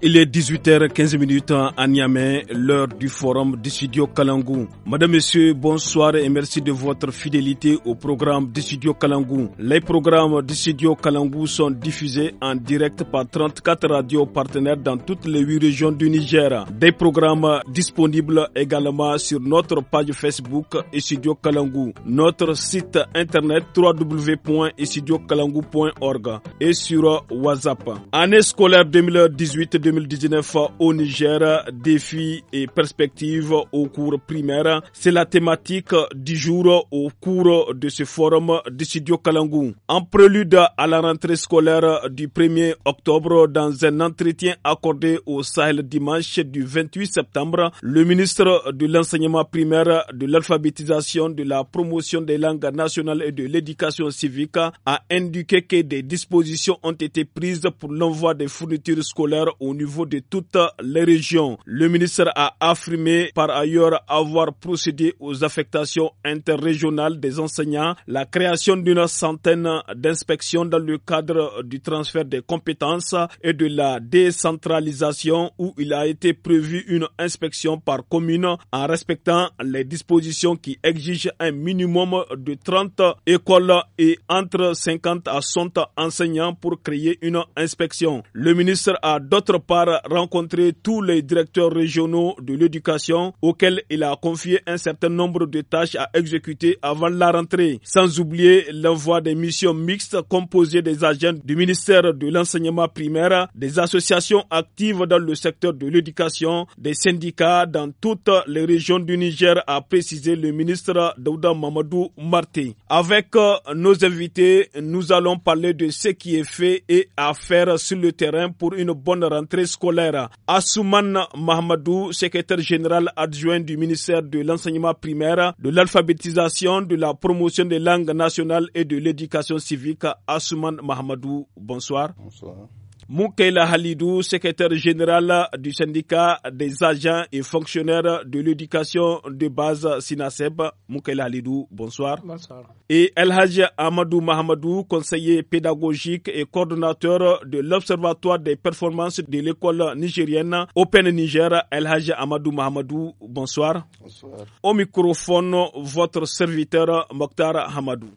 Il est 18h15 à Niamey, l'heure du forum du studio Kalangou. Madame, Monsieur, bonsoir et merci de votre fidélité au programme du studio Kalangou. Les programmes du studio Kalangou sont diffusés en direct par 34 radios partenaires dans toutes les 8 régions du Niger. Des programmes disponibles également sur notre page Facebook Studio Kalangou, notre site internet www.studiokalangou.org et sur WhatsApp. Année scolaire 2018 2019 au Niger, défis et perspectives au cours primaire. C'est la thématique du jour au cours de ce forum de studio Kalangou. En prélude à la rentrée scolaire du 1er octobre, dans un entretien accordé au Sahel dimanche du 28 septembre, le ministre de l'enseignement primaire, de l'alphabétisation, de la promotion des langues nationales et de l'éducation civique a indiqué que des dispositions ont été prises pour l'envoi des fournitures scolaires au niveau de toutes les régions. Le ministre a affirmé par ailleurs avoir procédé aux affectations interrégionales des enseignants, la création d'une centaine d'inspections dans le cadre du transfert des compétences et de la décentralisation où il a été prévu une inspection par commune en respectant les dispositions qui exigent un minimum de 30 écoles et entre 50 à 100 enseignants pour créer une inspection. Le ministre a d'autres par rencontrer tous les directeurs régionaux de l'éducation auxquels il a confié un certain nombre de tâches à exécuter avant la rentrée, sans oublier l'envoi des missions mixtes composées des agents du ministère de l'enseignement primaire, des associations actives dans le secteur de l'éducation, des syndicats dans toutes les régions du Niger, a précisé le ministre Daouda Mamadou Marté. Avec euh, nos invités, nous allons parler de ce qui est fait et à faire sur le terrain pour une bonne rentrée scolaire. asuman Mahamadou, secrétaire général adjoint du ministère de l'enseignement primaire, de l'alphabétisation, de la promotion des langues nationales et de l'éducation civique. asuman Mahamadou, bonsoir. Bonsoir. Moukela Halidou, secrétaire général du syndicat des agents et fonctionnaires de l'éducation de base SINASEB. Moukela Halidou, bonsoir. Bonsoir. Et El Amadou Mahamadou, conseiller pédagogique et coordonnateur de l'Observatoire des performances de l'école nigérienne Open Niger. El Amadou Mahamadou, bonsoir. Bonsoir. Au microphone, votre serviteur Mokhtar Hamadou.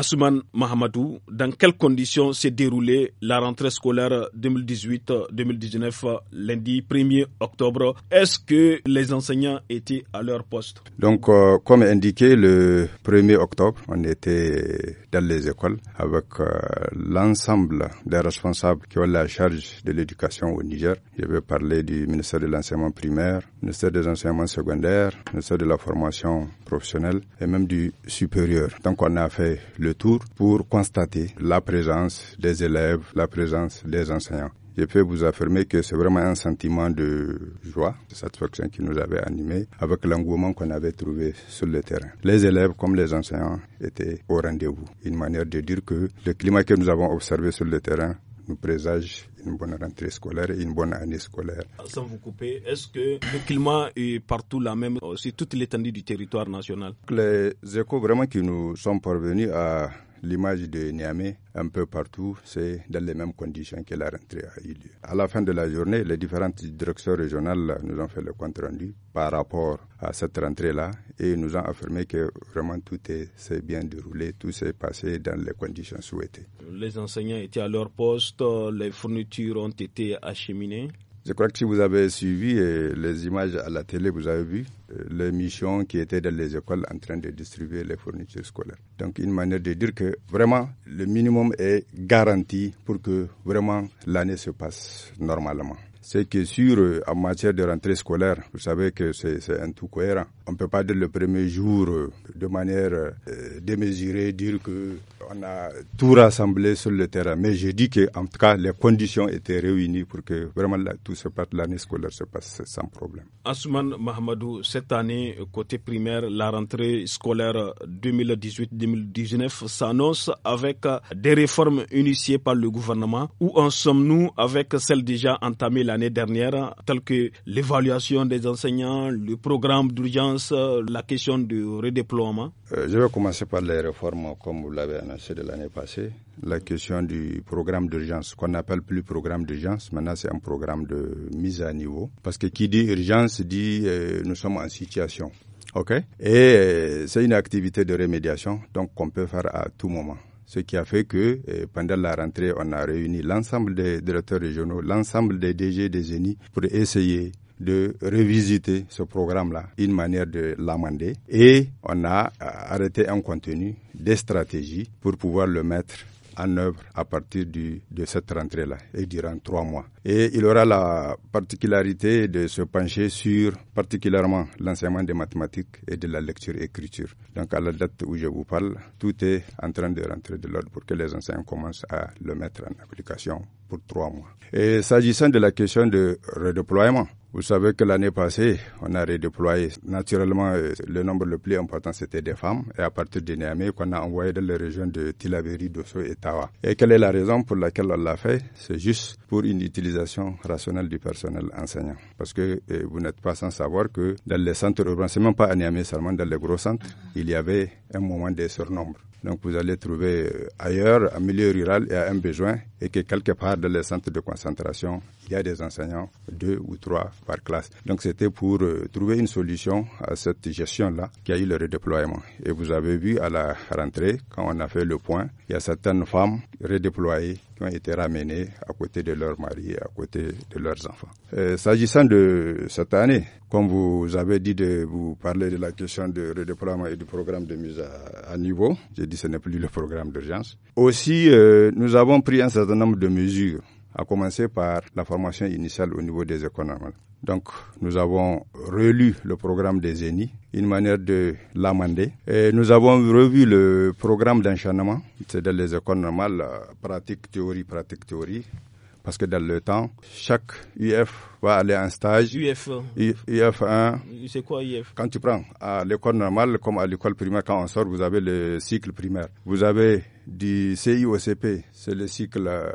Asuman Mahamadou, dans quelles conditions s'est déroulée la rentrée scolaire 2018-2019 lundi 1er octobre Est-ce que les enseignants étaient à leur poste Donc, euh, comme indiqué, le 1er octobre, on était dans les écoles avec euh, l'ensemble des responsables qui ont la charge de l'éducation au Niger. Je vais parler du ministère de l'enseignement primaire, ministère des enseignements secondaires, ministère de la formation professionnelle et même du supérieur. Donc, on a fait le tour pour constater la présence des élèves, la présence des enseignants. Je peux vous affirmer que c'est vraiment un sentiment de joie, de satisfaction qui nous avait animés avec l'engouement qu'on avait trouvé sur le terrain. Les élèves comme les enseignants étaient au rendez-vous. Une manière de dire que le climat que nous avons observé sur le terrain nous présage une bonne rentrée scolaire et une bonne année scolaire. Sans vous couper, est-ce que le climat est partout la même sur toute l'étendue du territoire national Les échos vraiment qui nous sont parvenus à l'image de Niamey, un peu partout, c'est dans les mêmes conditions que la rentrée a eu lieu. À la fin de la journée, les différentes directions régionales nous ont fait le compte rendu par rapport à cette rentrée-là et nous ont affirmé que vraiment tout s'est bien déroulé, tout s'est passé dans les conditions souhaitées. Les enseignants étaient à leur poste, les fournitures ont été acheminées. Je crois que si vous avez suivi eh, les images à la télé, vous avez vu, les missions qui étaient dans les écoles en train de distribuer les fournitures scolaires. Donc une manière de dire que vraiment le minimum est garanti pour que vraiment l'année se passe normalement c'est que sur, euh, en matière de rentrée scolaire, vous savez que c'est un tout cohérent. On ne peut pas, dire le premier jour, euh, de manière euh, démesurée, dire que on a tout rassemblé sur le terrain. Mais j'ai dit que, en tout cas, les conditions étaient réunies pour que vraiment tout se passe, l'année scolaire se passe sans problème. Asuman Mahamadou, cette année, côté primaire, la rentrée scolaire 2018-2019 s'annonce avec des réformes initiées par le gouvernement. Où en sommes-nous avec celles déjà entamées l'année dernière, telles que l'évaluation des enseignants, le programme d'urgence, la question du redéploiement euh, Je vais commencer par les réformes, comme vous l'avez c'est de l'année passée, la question du programme d'urgence, qu'on n'appelle plus programme d'urgence, maintenant c'est un programme de mise à niveau. Parce que qui dit urgence dit euh, nous sommes en situation. OK Et euh, c'est une activité de rémédiation donc qu'on peut faire à tout moment. Ce qui a fait que euh, pendant la rentrée, on a réuni l'ensemble des directeurs régionaux, l'ensemble des DG des ENI pour essayer de revisiter ce programme-là, une manière de l'amender. Et on a euh, arrêté un contenu, des stratégies pour pouvoir le mettre en œuvre à partir du, de cette rentrée-là et durant trois mois. Et il aura la particularité de se pencher sur particulièrement l'enseignement des mathématiques et de la lecture-écriture. Donc à la date où je vous parle, tout est en train de rentrer de l'ordre pour que les enseignants commencent à le mettre en application pour trois mois. Et s'agissant de la question de redéploiement, vous savez que l'année passée, on a redéployé. Naturellement, euh, le nombre le plus important, c'était des femmes. Et à partir de Niamey, qu'on a envoyé dans les régions de Tilaveri, Dosso et Tawa. Et quelle est la raison pour laquelle on l'a fait C'est juste pour une utilisation rationnelle du personnel enseignant. Parce que euh, vous n'êtes pas sans savoir que dans les centres urbains, c'est même pas à Niamey seulement, dans les gros centres, il y avait un moment de surnombre. Donc vous allez trouver euh, ailleurs, en milieu rural, il y a un besoin et que quelque part dans les centres de concentration, il y a des enseignants, deux ou trois par classe. Donc c'était pour euh, trouver une solution à cette gestion-là qui a eu le redéploiement. Et vous avez vu à la rentrée, quand on a fait le point, il y a certaines femmes redéployées qui ont été ramenées à côté de leurs maris, à côté de leurs enfants. Euh, s'agissant de cette année, comme vous avez dit, de vous parler de la question de redéploiement et du programme de mise à, niveau, j'ai dit ce n'est plus le programme d'urgence. Aussi, euh, nous avons pris un certain nombre de mesures, à commencer par la formation initiale au niveau des normales. Donc, nous avons relu le programme des ENI, une manière de l'amender. Et nous avons revu le programme d'enchaînement, c'est-à-dire les écoles normales, pratique, théorie, pratique, théorie, parce que dans le temps, chaque UF va aller en stage. UF. 1 C'est quoi IF Quand tu prends à l'école normale comme à l'école primaire, quand on sort, vous avez le cycle primaire. Vous avez du CIOCP, c'est le cycle, euh,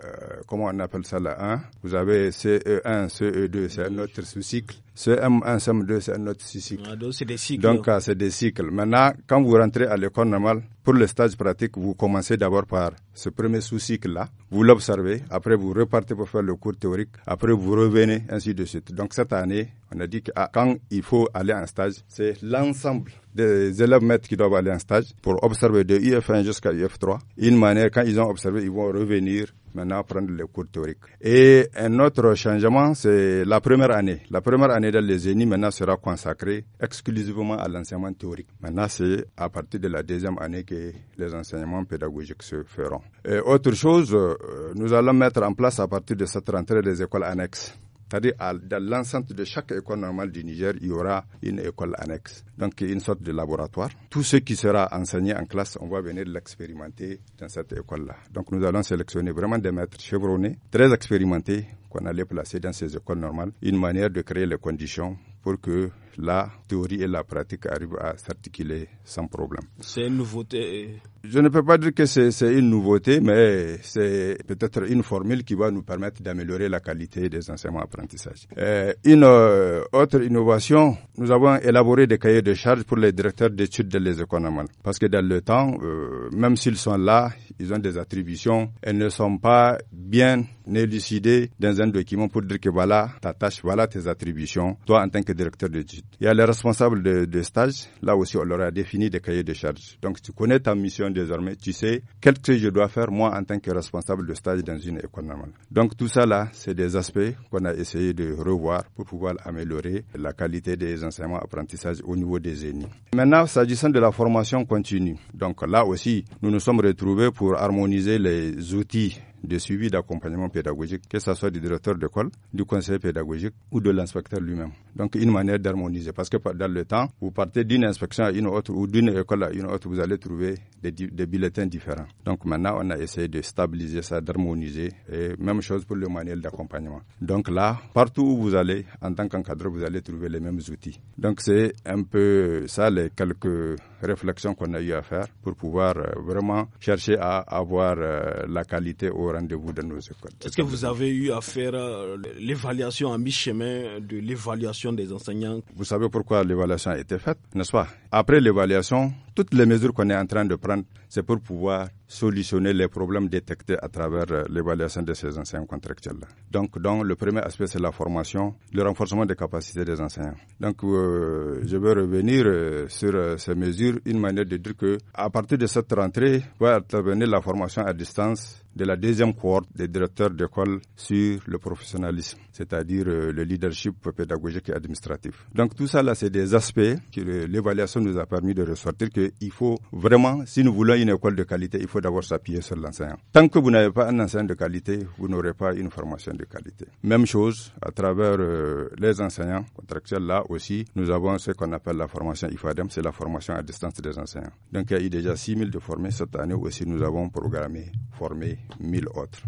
comment on appelle ça là, 1. Hein? Vous avez CE1, CE2, c'est un autre sous-cycle. CM1, CM2, c'est un autre sous-cycle. Ah, donc, c'est des cycles. Donc, ah, c'est des cycles. Maintenant, quand vous rentrez à l'école normale, pour le stage pratique, vous commencez d'abord par ce premier sous-cycle-là. Vous l'observez. Après, vous repartez pour faire le cours théorique. Après, vous revenez, ainsi de suite. Donc cette année, on a dit que ah, quand il faut aller en stage, c'est l'ensemble des élèves maîtres qui doivent aller en stage pour observer de uf 1 jusqu'à uf 3 Une manière, quand ils ont observé, ils vont revenir maintenant prendre les cours théoriques. Et un autre changement, c'est la première année. La première année de les maintenant sera consacrée exclusivement à l'enseignement théorique. Maintenant, c'est à partir de la deuxième année que les enseignements pédagogiques se feront. Et autre chose, euh, nous allons mettre en place à partir de cette rentrée des écoles annexes. C'est-à-dire dans l'ensemble de chaque école normale du Niger, il y aura une école annexe, donc une sorte de laboratoire. Tout ce qui sera enseigné en classe, on va venir l'expérimenter dans cette école-là. Donc nous allons sélectionner vraiment des maîtres chevronnés, très expérimentés, qu'on allait placer dans ces écoles normales, une manière de créer les conditions pour que la théorie et la pratique arrivent à s'articuler sans problème. C'est une nouveauté. Je ne peux pas dire que c'est une nouveauté, mais c'est peut-être une formule qui va nous permettre d'améliorer la qualité des enseignements apprentissages. Euh, une euh, autre innovation, nous avons élaboré des cahiers de charges pour les directeurs d'études de les économes. Parce que dans le temps, euh, même s'ils sont là, ils ont des attributions, elles ne sont pas bien élucidées dans un document pour dire que voilà ta tâche, voilà tes attributions, toi en tant que directeur d'études. Il y a les responsables de, stage. Là aussi, on leur a défini des cahiers de charges. Donc, tu connais ta mission désormais. Tu sais quel que je dois faire, moi, en tant que responsable de stage dans une école normale. Donc, tout ça là, c'est des aspects qu'on a essayé de revoir pour pouvoir améliorer la qualité des enseignements apprentissage au niveau des ennemis. Maintenant, s'agissant de la formation continue. Donc, là aussi, nous nous sommes retrouvés pour harmoniser les outils de suivi d'accompagnement pédagogique, que ce soit du directeur d'école, du conseil pédagogique ou de l'inspecteur lui-même. Donc une manière d'harmoniser, parce que dans le temps, vous partez d'une inspection à une autre ou d'une école à une autre, vous allez trouver des, des bulletins différents. Donc maintenant, on a essayé de stabiliser ça, d'harmoniser, et même chose pour le manuel d'accompagnement. Donc là, partout où vous allez, en tant qu'encadreur, vous allez trouver les mêmes outils. Donc c'est un peu ça les quelques réflexions qu'on a eu à faire pour pouvoir euh, vraiment chercher à avoir euh, la qualité au rendez-vous dans nos écoles. Est-ce que vous avez eu à faire euh, l'évaluation à mi-chemin de l'évaluation des enseignants Vous savez pourquoi l'évaluation a été faite, n'est-ce pas Après l'évaluation, toutes les mesures qu'on est en train de prendre, c'est pour pouvoir solutionner les problèmes détectés à travers euh, l'évaluation de ces enseignants contractuels Donc, donc, le premier aspect, c'est la formation, le renforcement des capacités des enseignants. Donc, euh, je vais revenir euh, sur ces mesures. Une manière de dire que, à partir de cette rentrée, va intervenir la formation à distance de la deuxième cohorte des directeurs d'école sur le professionnalisme, c'est-à-dire le leadership pédagogique et administratif. Donc, tout ça, là, c'est des aspects que l'évaluation nous a permis de ressortir que il faut vraiment, si nous voulons une école de qualité, il faut d'abord s'appuyer sur l'enseignant. Tant que vous n'avez pas un enseignant de qualité, vous n'aurez pas une formation de qualité. Même chose à travers euh, les enseignants contractuels. Là aussi, nous avons ce qu'on appelle la formation IFADEM, c'est la formation à distance des enseignants. Donc il y a eu déjà 6000 de formés. Cette année aussi, nous avons programmé, formé 1000 autres.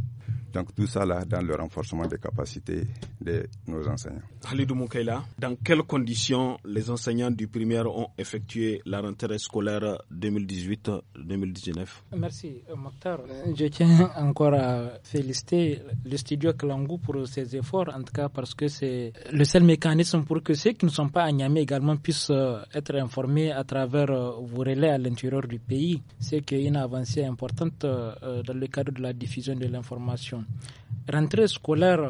Donc tout ça là dans le renforcement des capacités de nos enseignants. Halidou Moukaila, dans quelles conditions les enseignants du primaire ont effectué la rentrée scolaire 2018-2019 Merci euh, Mokhtar. Euh, je tiens encore à féliciter le studio Klangou pour ses efforts, en tout cas parce que c'est le seul mécanisme pour que ceux qui ne sont pas à Niamey également puissent euh, être informés à travers vos relais à l'intérieur du pays. C'est une avancée importante dans le cadre de la diffusion de l'information rentrée scolaire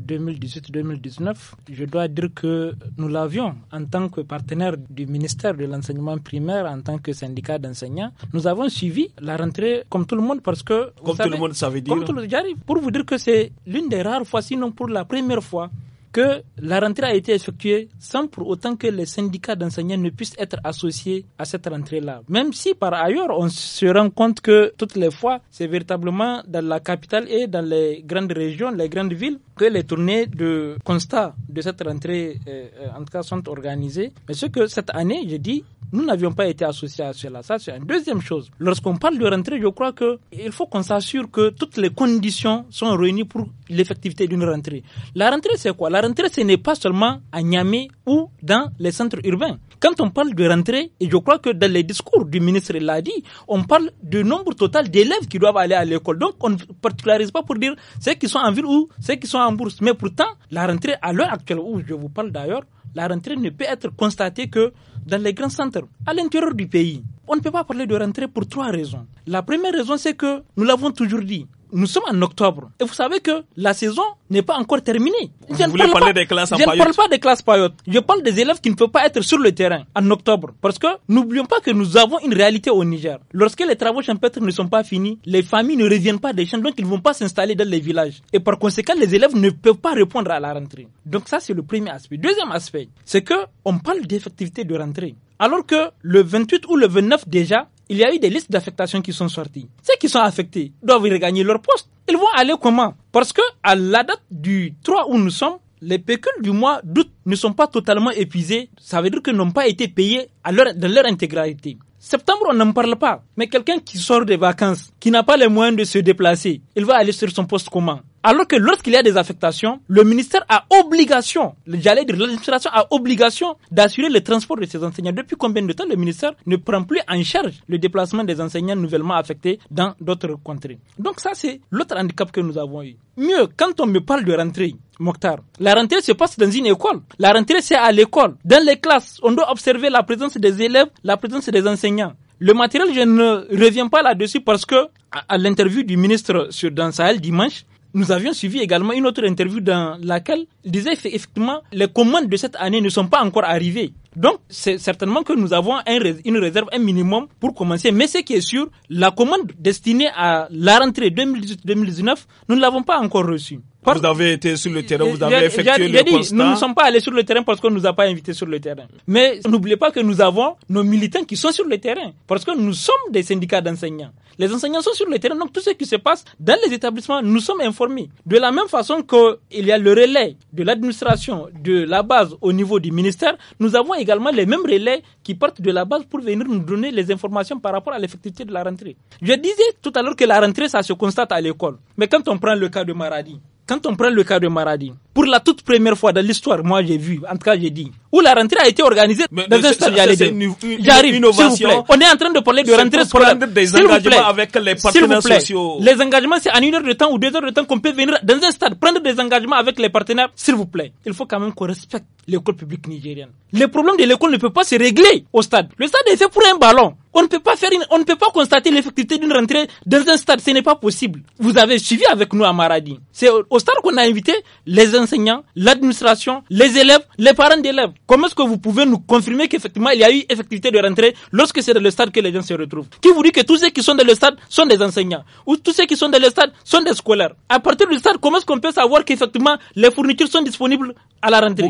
2018-2019, euh, je dois dire que nous l'avions en tant que partenaire du ministère de l'enseignement primaire, en tant que syndicat d'enseignants. Nous avons suivi la rentrée comme tout le monde parce que... Comme tout le monde, ça veut dire... Comme tout le, pour vous dire que c'est l'une des rares fois, sinon pour la première fois, que la rentrée a été effectuée sans pour autant que les syndicats d'enseignants ne puissent être associés à cette rentrée-là. Même si par ailleurs, on se rend compte que toutes les fois, c'est véritablement dans la capitale et dans les grandes régions, les grandes villes, que les tournées de constat de cette rentrée, euh, en tout cas, sont organisées. Mais ce que cette année, j'ai dit, nous n'avions pas été associés à cela. Ça, c'est une deuxième chose. Lorsqu'on parle de rentrée, je crois que il faut qu'on s'assure que toutes les conditions sont réunies pour l'effectivité d'une rentrée. La rentrée, c'est quoi La la rentrée, ce n'est pas seulement à Niamey ou dans les centres urbains. Quand on parle de rentrée, et je crois que dans les discours du ministre l'a dit, on parle du nombre total d'élèves qui doivent aller à l'école. Donc, on ne particularise pas pour dire ceux qui sont en ville ou ceux qui sont en bourse. Mais pourtant, la rentrée, à l'heure actuelle où je vous parle d'ailleurs, la rentrée ne peut être constatée que dans les grands centres, à l'intérieur du pays. On ne peut pas parler de rentrée pour trois raisons. La première raison, c'est que, nous l'avons toujours dit, nous sommes en octobre. Et vous savez que la saison n'est pas encore terminée. Vous je voulez parler Je ne parle pas des classes payotes. Je parle des élèves qui ne peuvent pas être sur le terrain en octobre. Parce que n'oublions pas que nous avons une réalité au Niger. Lorsque les travaux champêtres ne sont pas finis, les familles ne reviennent pas des champs, donc ils ne vont pas s'installer dans les villages. Et par conséquent, les élèves ne peuvent pas répondre à la rentrée. Donc ça, c'est le premier aspect. Deuxième aspect, c'est que on parle d'effectivité de rentrée. Alors que le 28 ou le 29 déjà, il y a eu des listes d'affectation qui sont sorties. Ceux qui sont affectés doivent regagner leur poste. Ils vont aller comment Parce que à la date du 3 où nous sommes, les pécules du mois d'août ne sont pas totalement épuisés. Ça veut dire qu'ils n'ont pas été payés à dans leur intégralité. Septembre, on n'en parle pas. Mais quelqu'un qui sort des vacances, qui n'a pas les moyens de se déplacer, il va aller sur son poste comment alors que lorsqu'il y a des affectations, le ministère a obligation, j'allais dire l'administration a obligation d'assurer le transport de ses enseignants. Depuis combien de temps le ministère ne prend plus en charge le déplacement des enseignants nouvellement affectés dans d'autres contrées Donc ça c'est l'autre handicap que nous avons eu. Mieux, quand on me parle de rentrée, Mokhtar, la rentrée se passe dans une école. La rentrée c'est à l'école. Dans les classes, on doit observer la présence des élèves, la présence des enseignants. Le matériel, je ne reviens pas là-dessus parce que, à, l'interview du ministre sur Dan Sahel dimanche, nous avions suivi également une autre interview dans laquelle il disait effectivement les commandes de cette année ne sont pas encore arrivées. Donc, c'est certainement que nous avons un, une réserve, un minimum pour commencer. Mais ce qui est sûr, la commande destinée à la rentrée 2018-2019, nous ne l'avons pas encore reçue vous avez été sur le terrain, vous avez effectué le constat. Nous ne sommes pas allés sur le terrain parce qu'on ne nous a pas invités sur le terrain. Mais n'oubliez pas que nous avons nos militants qui sont sur le terrain parce que nous sommes des syndicats d'enseignants. Les enseignants sont sur le terrain, donc tout ce qui se passe dans les établissements, nous sommes informés. De la même façon qu'il y a le relais de l'administration, de la base au niveau du ministère, nous avons également les mêmes relais qui partent de la base pour venir nous donner les informations par rapport à l'effectivité de la rentrée. Je disais tout à l'heure que la rentrée, ça se constate à l'école. Mais quand on prend le cas de Maradi, quand on prend le cas de Maradi, pour la toute première fois dans l'histoire, moi j'ai vu, en tout cas j'ai dit, où la rentrée a été organisée dans un stade J'arrive, s'il vous plaît. On est en train de parler de rentrée scolaire. des engagements vous plaît. avec les partenaires sociaux. Les engagements, c'est en une heure de temps ou deux heures de temps qu'on peut venir dans un stade prendre des engagements avec les partenaires. S'il vous plaît, il faut quand même qu'on respecte l'école publique nigérienne. le problème de l'école ne peut pas se régler au stade. Le stade est fait pour un ballon. On ne peut pas faire une, on ne peut pas constater l'effectivité d'une rentrée dans un stade. Ce n'est pas possible. Vous avez suivi avec nous à Maradi. C'est au stade qu'on a invité les enseignants, l'administration, les élèves, les parents d'élèves. Comment est-ce que vous pouvez nous confirmer qu'effectivement il y a eu effectivité de rentrée lorsque c'est dans le stade que les gens se retrouvent Qui vous dit que tous ceux qui sont dans le stade sont des enseignants ou tous ceux qui sont dans le stade sont des scolaires À partir du stade, comment est-ce qu'on peut savoir qu'effectivement les fournitures sont disponibles à la rentrée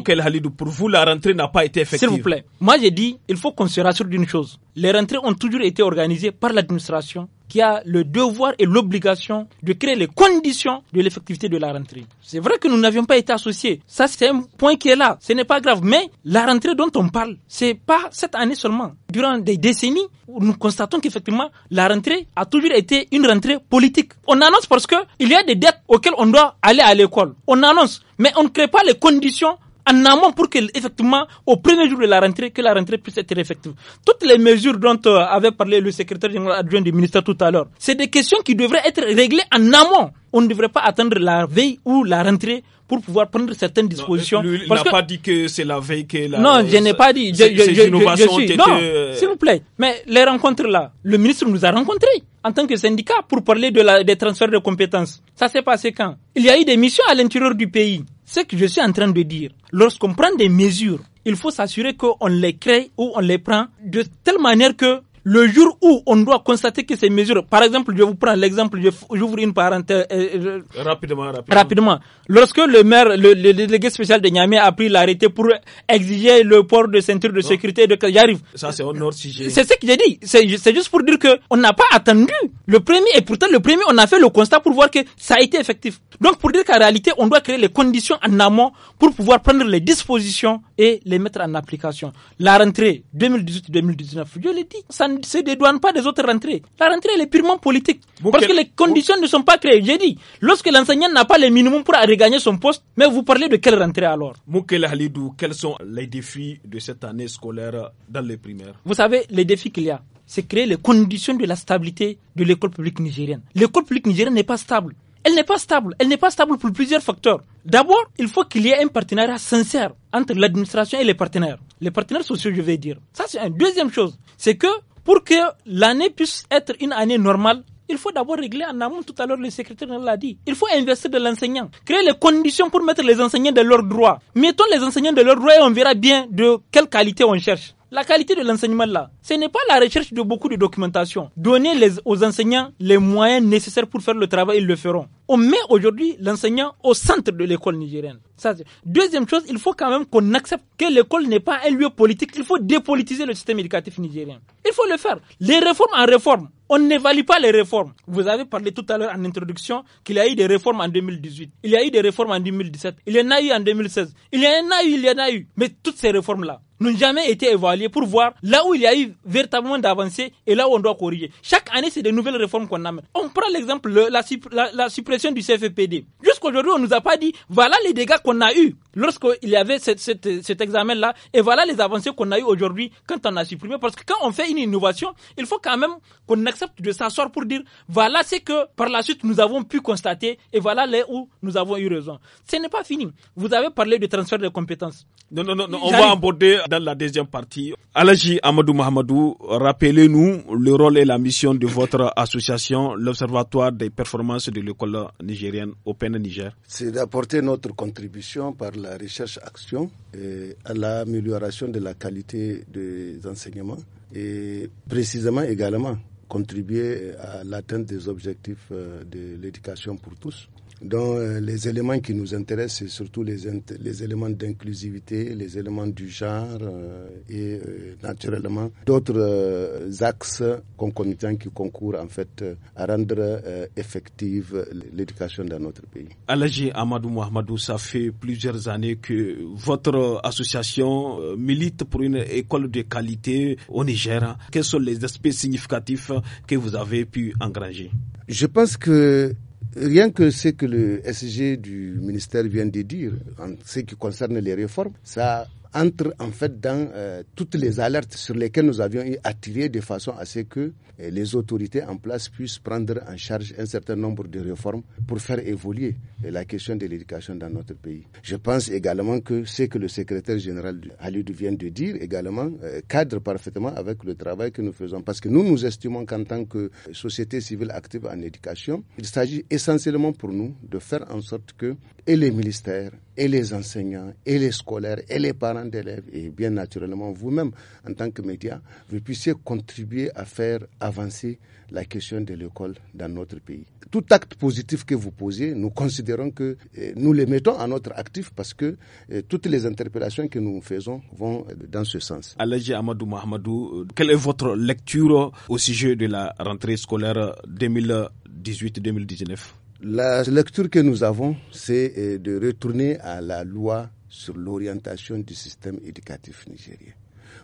Pour vous, la rentrée n'a pas été effective. S'il vous plaît, moi j'ai dit, il faut qu'on se rassure d'une chose les rentrées ont toujours été organisées par l'administration qui a le devoir et l'obligation de créer les conditions de l'effectivité de la rentrée. C'est vrai que nous n'avions pas été associés. Ça, c'est un point qui est là. Ce n'est pas grave. Mais la rentrée dont on parle, c'est pas cette année seulement. Durant des décennies, nous constatons qu'effectivement, la rentrée a toujours été une rentrée politique. On annonce parce que il y a des dettes auxquelles on doit aller à l'école. On annonce. Mais on ne crée pas les conditions en amont pour que, effectivement, au premier jour de la rentrée, que la rentrée puisse être effective. Toutes les mesures dont euh, avait parlé le secrétaire général adjoint du ministère tout à l'heure, c'est des questions qui devraient être réglées en amont. On ne devrait pas attendre la veille ou la rentrée pour pouvoir prendre certaines dispositions. il n'a pas dit que c'est la veille que la... Non, je n'ai pas dit. Je, je, innovation je, euh, s'il vous plaît. Mais les rencontres là, le ministre nous a rencontrés en tant que syndicat pour parler de la, des transferts de compétences. Ça s'est passé quand Il y a eu des missions à l'intérieur du pays ce que je suis en train de dire, lorsqu'on prend des mesures, il faut s'assurer qu'on les crée ou on les prend de telle manière que le jour où on doit constater que ces mesures, par exemple, je vous prends l'exemple, j'ouvre une parenthèse. Euh, euh, rapidement, rapidement. Rapidement. Lorsque le maire, le, délégué spécial de Niamey a pris l'arrêté pour exiger le port de ceinture de sécurité de arrive. Ça, c'est nord sujet. C'est ce que j'ai dit. C'est juste pour dire que on n'a pas attendu le premier et pourtant le premier, on a fait le constat pour voir que ça a été effectif. Donc, pour dire qu'en réalité, on doit créer les conditions en amont pour pouvoir prendre les dispositions et les mettre en application. La rentrée 2018-2019, je l'ai dit, ça ne se dédouane pas des autres rentrées. La rentrée, elle est purement politique. parce que les conditions ne sont pas créées. J'ai dit, lorsque l'enseignant n'a pas les minimum pour regagner son poste, mais vous parlez de quelle rentrée alors Moukele Halidou, quels sont les défis de cette année scolaire dans les primaires Vous savez, les défis qu'il y a, c'est créer les conditions de la stabilité de l'école publique nigérienne. L'école publique nigérienne n'est pas stable. Elle n'est pas stable. Elle n'est pas stable pour plusieurs facteurs. D'abord, il faut qu'il y ait un partenariat sincère entre l'administration et les partenaires. Les partenaires sociaux, je vais dire. Ça, c'est une deuxième chose. C'est que pour que l'année puisse être une année normale, il faut d'abord régler en amont, tout à l'heure le secrétaire l'a dit. Il faut investir de l'enseignant, créer les conditions pour mettre les enseignants de leurs droits. Mettons les enseignants de leur droits et on verra bien de quelle qualité on cherche. La qualité de l'enseignement là, ce n'est pas la recherche de beaucoup de documentation. Donner les, aux enseignants les moyens nécessaires pour faire le travail, ils le feront. On met aujourd'hui l'enseignant au centre de l'école nigérienne. Deuxième chose, il faut quand même qu'on accepte que l'école n'est pas un lieu politique. Il faut dépolitiser le système éducatif nigérien. Il faut le faire. Les réformes en réforme on n'évalue pas les réformes. Vous avez parlé tout à l'heure en introduction qu'il y a eu des réformes en 2018, il y a eu des réformes en 2017, il y en a eu en 2016, il y en a eu, il y en a eu. Mais toutes ces réformes-là n'ont jamais été évaluées pour voir là où il y a eu véritablement d'avancées et là où on doit corriger. Chaque année, c'est des nouvelles réformes qu'on amène. On prend l'exemple la, la, suppression du CFPD. Jusqu'aujourd'hui, on nous a pas dit voilà les dégâts qu'on a eus lorsqu'il y avait cet examen-là et voilà les avancées qu'on a eues aujourd'hui quand on a supprimé. Parce que quand on fait une innovation, il faut quand même qu'on accepte de s'asseoir pour dire voilà ce que par la suite nous avons pu constater et voilà là où nous avons eu raison. Ce n'est pas fini. Vous avez parlé de transfert de compétences. Non, non, non, on va aborder dans la deuxième partie. Alaji Amadou Mahamadou, rappelez-nous le rôle et la mission de votre association, l'Observatoire des performances de l'école nigérienne Open Niger. C'est d'apporter notre contribution par la recherche-action à l'amélioration de la qualité des enseignements et précisément également contribuer à l'atteinte des objectifs euh, de l'éducation pour tous. Donc euh, les éléments qui nous intéressent, c'est surtout les, les éléments d'inclusivité, les éléments du genre euh, et euh, naturellement d'autres axes concomitants qui concourent en fait à rendre effective l'éducation dans notre pays. Alagi Amadou Mohamadou, ça fait plusieurs années que votre association milite pour une école de qualité au Niger. Quels sont les aspects significatifs que vous avez pu engranger Je pense que Rien que ce que le SG du ministère vient de dire en ce qui concerne les réformes, ça entre en fait dans euh, toutes les alertes sur lesquelles nous avions eu attiré de façon à ce que euh, les autorités en place puissent prendre en charge un certain nombre de réformes pour faire évoluer euh, la question de l'éducation dans notre pays. Je pense également que ce que le secrétaire général Halud vient de dire également cadre parfaitement avec le travail que nous faisons parce que nous nous estimons qu'en tant que société civile active en éducation, il s'agit essentiellement pour nous de faire en sorte que et les ministères et les enseignants, et les scolaires, et les parents d'élèves, et bien naturellement vous-même, en tant que média, vous puissiez contribuer à faire avancer la question de l'école dans notre pays. Tout acte positif que vous posez, nous considérons que euh, nous le mettons à notre actif parce que euh, toutes les interpellations que nous faisons vont dans ce sens. Alagi Amadou Mahamadou, euh, quelle est votre lecture au sujet de la rentrée scolaire 2018-2019 la lecture que nous avons, c'est euh, de retourner à la loi sur l'orientation du système éducatif nigérien.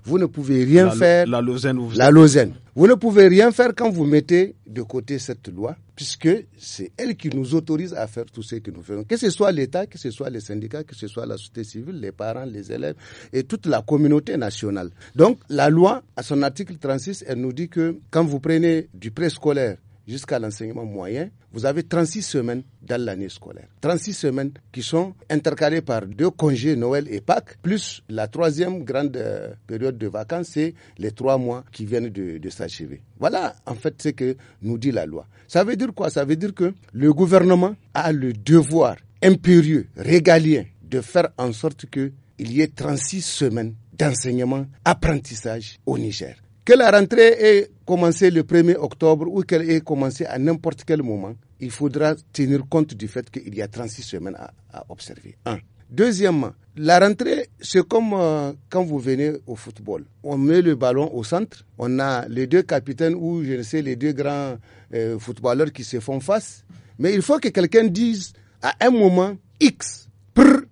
Vous ne pouvez rien faire. La Lausanne, vous La Lausanne. Vous ne pouvez rien faire quand vous mettez de côté cette loi, puisque c'est elle qui nous autorise à faire tout ce que nous faisons. Que ce soit l'État, que ce soit les syndicats, que ce soit la société civile, les parents, les élèves et toute la communauté nationale. Donc, la loi, à son article 36, elle nous dit que quand vous prenez du préscolaire jusqu'à l'enseignement moyen, vous avez 36 semaines dans l'année scolaire. 36 semaines qui sont intercalées par deux congés Noël et Pâques, plus la troisième grande euh, période de vacances, c'est les trois mois qui viennent de, de s'achever. Voilà en fait ce que nous dit la loi. Ça veut dire quoi Ça veut dire que le gouvernement a le devoir impérieux, régalien, de faire en sorte qu'il y ait 36 semaines d'enseignement, apprentissage au Niger. Que la rentrée est commencer le 1er octobre ou qu'elle ait commencé à n'importe quel moment, il faudra tenir compte du fait qu'il y a 36 semaines à, observer. Un. Deuxièmement, la rentrée, c'est comme euh, quand vous venez au football. On met le ballon au centre, on a les deux capitaines ou je ne sais, les deux grands euh, footballeurs qui se font face. Mais il faut que quelqu'un dise à un moment X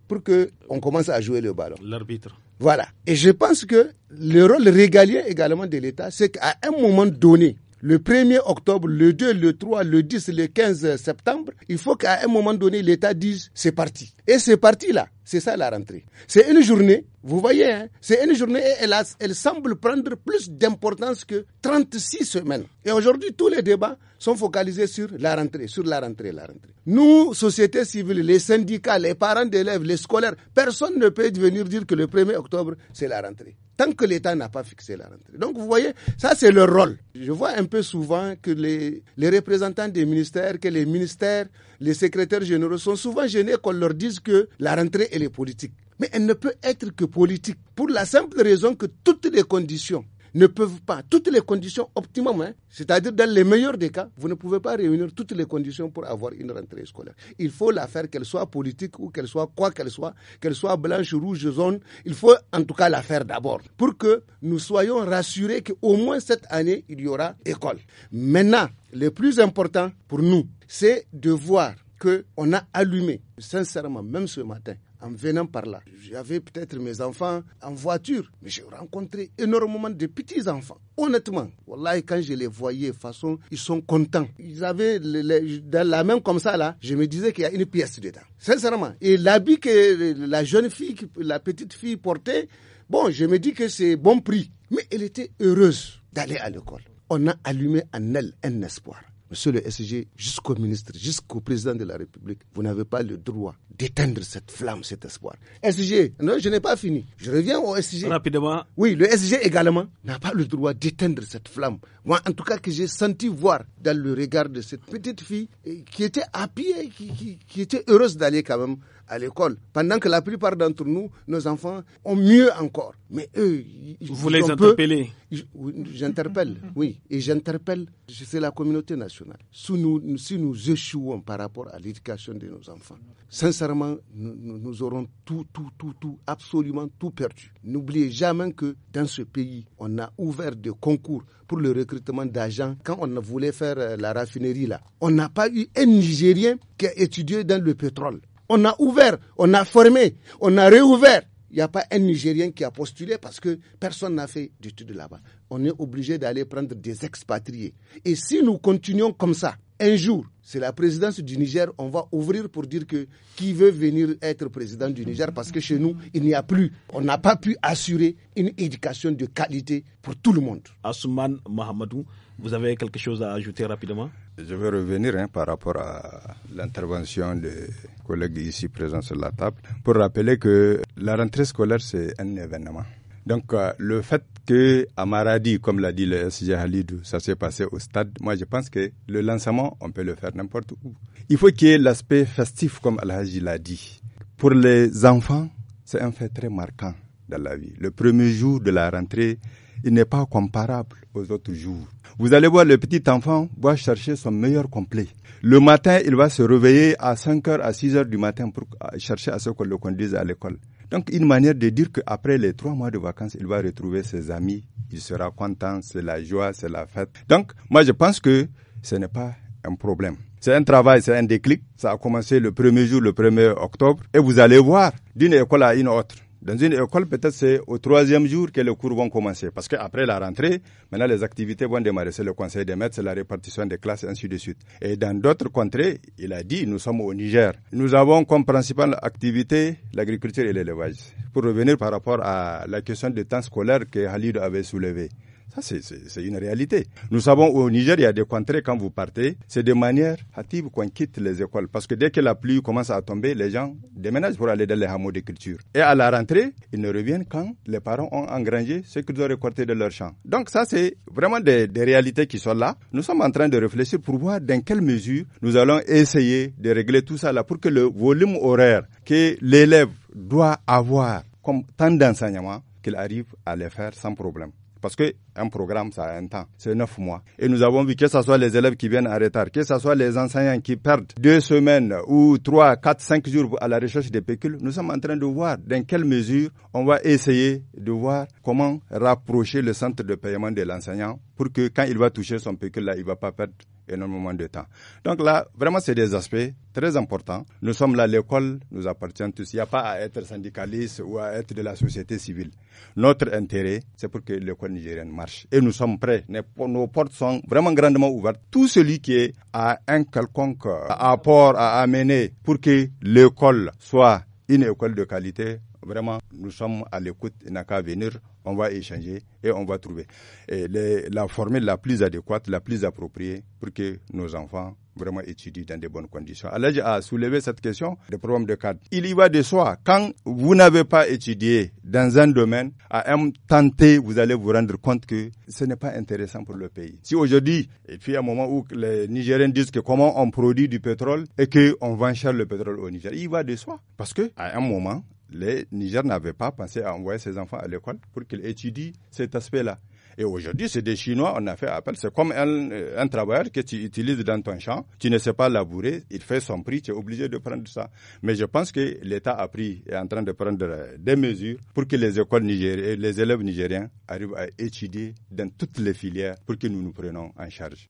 pour que on commence à jouer le ballon. L'arbitre. Voilà. Et je pense que le rôle régalien également de l'État, c'est qu'à un moment donné, le 1er octobre, le 2, le 3, le 10, le 15 septembre, il faut qu'à un moment donné, l'État dise c'est parti. Et c'est parti là. C'est ça la rentrée. C'est une journée, vous voyez, hein, c'est une journée et elle, elle semble prendre plus d'importance que 36 semaines. Et aujourd'hui, tous les débats sont focalisés sur la rentrée, sur la rentrée, la rentrée. Nous, société civile, les syndicats, les parents d'élèves, les scolaires, personne ne peut venir dire que le 1er octobre, c'est la rentrée. Tant que l'État n'a pas fixé la rentrée. Donc, vous voyez, ça, c'est leur rôle. Je vois un peu souvent que les, les représentants des ministères, que les ministères les secrétaires généraux sont souvent gênés on leur dise que la rentrée, est politique. Mais elle ne peut être que politique, pour la simple raison que toutes les conditions ne peuvent pas, toutes les conditions optimum, hein. c'est-à-dire dans les meilleurs des cas, vous ne pouvez pas réunir toutes les conditions pour avoir une rentrée scolaire. Il faut la faire, qu'elle soit politique ou qu'elle soit quoi qu'elle soit, qu'elle soit blanche, rouge, jaune, il faut en tout cas la faire d'abord pour que nous soyons rassurés qu'au moins cette année, il y aura école. Maintenant, le plus important pour nous, c'est de voir qu'on a allumé, sincèrement, même ce matin, en venant par là. J'avais peut-être mes enfants en voiture, mais j'ai rencontré énormément de petits-enfants. Honnêtement, wallahi, quand je les voyais, façon, ils sont contents. Ils avaient la main comme ça, là, je me disais qu'il y a une pièce dedans. Sincèrement. Et l'habit que la jeune fille, la petite fille portait, bon, je me dis que c'est bon prix. Mais elle était heureuse d'aller à l'école. On a allumé en elle un espoir. Monsieur le SG, jusqu'au ministre, jusqu'au président de la République, vous n'avez pas le droit d'éteindre cette flamme, cet espoir. SG, non, je n'ai pas fini. Je reviens au SG. Rapidement. Oui, le SG également n'a pas le droit d'éteindre cette flamme. Moi, en tout cas, que j'ai senti voir dans le regard de cette petite fille eh, qui était à pied, qui, qui, était heureuse d'aller quand même à l'école, pendant que la plupart d'entre nous, nos enfants, ont mieux encore. Mais eux, vous les interpeller J'interpelle, oui, et j'interpelle, c'est la communauté nationale si nous, si nous échouons par rapport à l'éducation de nos enfants, sincèrement, nous, aurons tout, tout, tout, tout, absolument tout perdu. N'oubliez jamais que dans ce pays, on a ouvert des concours pour le recrutement d'agents. Quand on voulait faire euh, la raffinerie, là, on n'a pas eu un Nigérien qui a étudié dans le pétrole. On a ouvert, on a formé, on a réouvert. Il n'y a pas un Nigérien qui a postulé parce que personne n'a fait d'études là-bas. On est obligé d'aller prendre des expatriés. Et si nous continuons comme ça, un jour, c'est la présidence du Niger, on va ouvrir pour dire que qui veut venir être président du Niger parce que chez nous, il n'y a plus, on n'a pas pu assurer une éducation de qualité pour tout le monde. Asuman Mahamadou, vous avez quelque chose à ajouter rapidement je vais revenir hein, par rapport à l'intervention des collègues ici présents sur la table pour rappeler que la rentrée scolaire, c'est un événement. Donc, euh, le fait que à Maradi, comme l'a dit le SG Halidou, ça s'est passé au stade, moi je pense que le lancement, on peut le faire n'importe où. Il faut qu'il y ait l'aspect festif, comme Al-Haji l'a dit. Pour les enfants, c'est un fait très marquant dans la vie. Le premier jour de la rentrée, il n'est pas comparable aux autres jours. Vous allez voir, le petit enfant va chercher son meilleur complet. Le matin, il va se réveiller à 5h, à 6h du matin pour chercher à ce qu'on le conduise à l'école. Donc, une manière de dire qu'après les trois mois de vacances, il va retrouver ses amis, il sera content, c'est la joie, c'est la fête. Donc, moi, je pense que ce n'est pas un problème. C'est un travail, c'est un déclic. Ça a commencé le premier jour, le 1er octobre. Et vous allez voir, d'une école à une autre, dans une école, peut-être c'est au troisième jour que les cours vont commencer. Parce qu'après la rentrée, maintenant les activités vont démarrer. C'est le conseil des maîtres, c'est la répartition des classes, ainsi de suite. Et dans d'autres contrées, il a dit, nous sommes au Niger. Nous avons comme principale activité l'agriculture et l'élevage. Pour revenir par rapport à la question du temps scolaire que Halid avait soulevé. Ça, c'est une réalité. Nous savons au Niger, il y a des contrées, quand vous partez, c'est de manière hâtive qu'on quitte les écoles. Parce que dès que la pluie commence à tomber, les gens déménagent pour aller dans les hameaux de culture. Et à la rentrée, ils ne reviennent quand les parents ont engrangé ce qu'ils ont récolté de leur champ. Donc ça, c'est vraiment des, des réalités qui sont là. Nous sommes en train de réfléchir pour voir dans quelle mesure nous allons essayer de régler tout ça là pour que le volume horaire que l'élève doit avoir comme temps d'enseignement qu'il arrive à les faire sans problème. Parce que un programme, ça a un temps, c'est neuf mois. Et nous avons vu que ce soit les élèves qui viennent en retard, que ce soit les enseignants qui perdent deux semaines ou trois, quatre, cinq jours à la recherche des pécules, nous sommes en train de voir dans quelle mesure on va essayer de voir comment rapprocher le centre de paiement de l'enseignant pour que quand il va toucher son pécule, là, il ne va pas perdre énormément de temps. Donc là, vraiment, c'est des aspects très importants. Nous sommes là, l'école nous appartient tous. Il n'y a pas à être syndicaliste ou à être de la société civile. Notre intérêt, c'est pour que l'école nigérienne et nous sommes prêts. Nos portes sont vraiment grandement ouvertes. Tout celui qui a un quelconque apport à amener pour que l'école soit une école de qualité, Vraiment, nous sommes à l'écoute, il n'a qu'à venir, on va échanger et on va trouver la formule la plus adéquate, la plus appropriée pour que nos enfants vraiment étudient dans de bonnes conditions. Alors, a soulevé cette question des problèmes de cadre. Il y va de soi. Quand vous n'avez pas étudié dans un domaine, à un moment, vous allez vous rendre compte que ce n'est pas intéressant pour le pays. Si aujourd'hui, il y a un moment où les Nigériens disent que comment on produit du pétrole et qu'on vend cher le pétrole au Niger, il va de soi. Parce que à un moment, les Niger n'avaient pas pensé à envoyer ses enfants à l'école pour qu'ils étudient cet aspect-là. Et aujourd'hui, c'est des Chinois, on a fait appel. C'est comme un, euh, un, travailleur que tu utilises dans ton champ, tu ne sais pas labourer, il fait son prix, tu es obligé de prendre ça. Mais je pense que l'État a pris, est en train de prendre euh, des mesures pour que les écoles nigériennes, euh, les élèves nigériens arrivent à étudier dans toutes les filières pour que nous nous prenions en charge.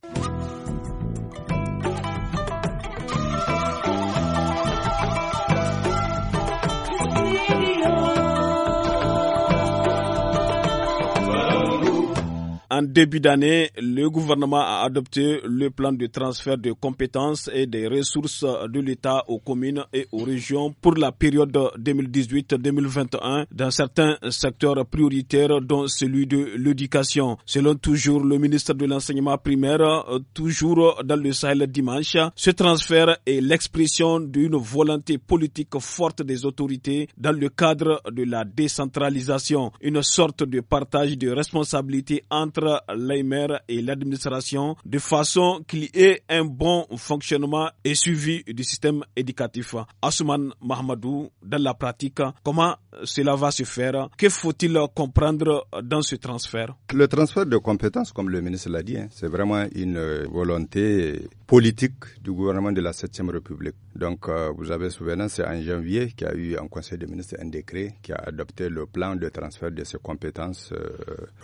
En début d'année, le gouvernement a adopté le plan de transfert de compétences et des ressources de l'État aux communes et aux régions pour la période 2018-2021 dans certains secteurs prioritaires dont celui de l'éducation. Selon toujours le ministre de l'enseignement primaire, euh, toujours dans le Sahel dimanche, ce transfert est l'expression d'une volonté politique forte des autorités dans le cadre de la décentralisation, une sorte de partage de responsabilités entre gère et l'administration de façon qu'il y ait un bon fonctionnement et suivi du système éducatif. Asuman Mahamadou, dans la pratique, comment cela va se faire Que faut-il comprendre dans ce transfert Le transfert de compétences, comme le ministre l'a dit, hein, c'est vraiment une euh, volonté politique du gouvernement de la 7e République. Donc, euh, vous avez souvenir, c'est en janvier qu'il y a eu en Conseil des ministres un décret qui a adopté le plan de transfert de ces compétences euh,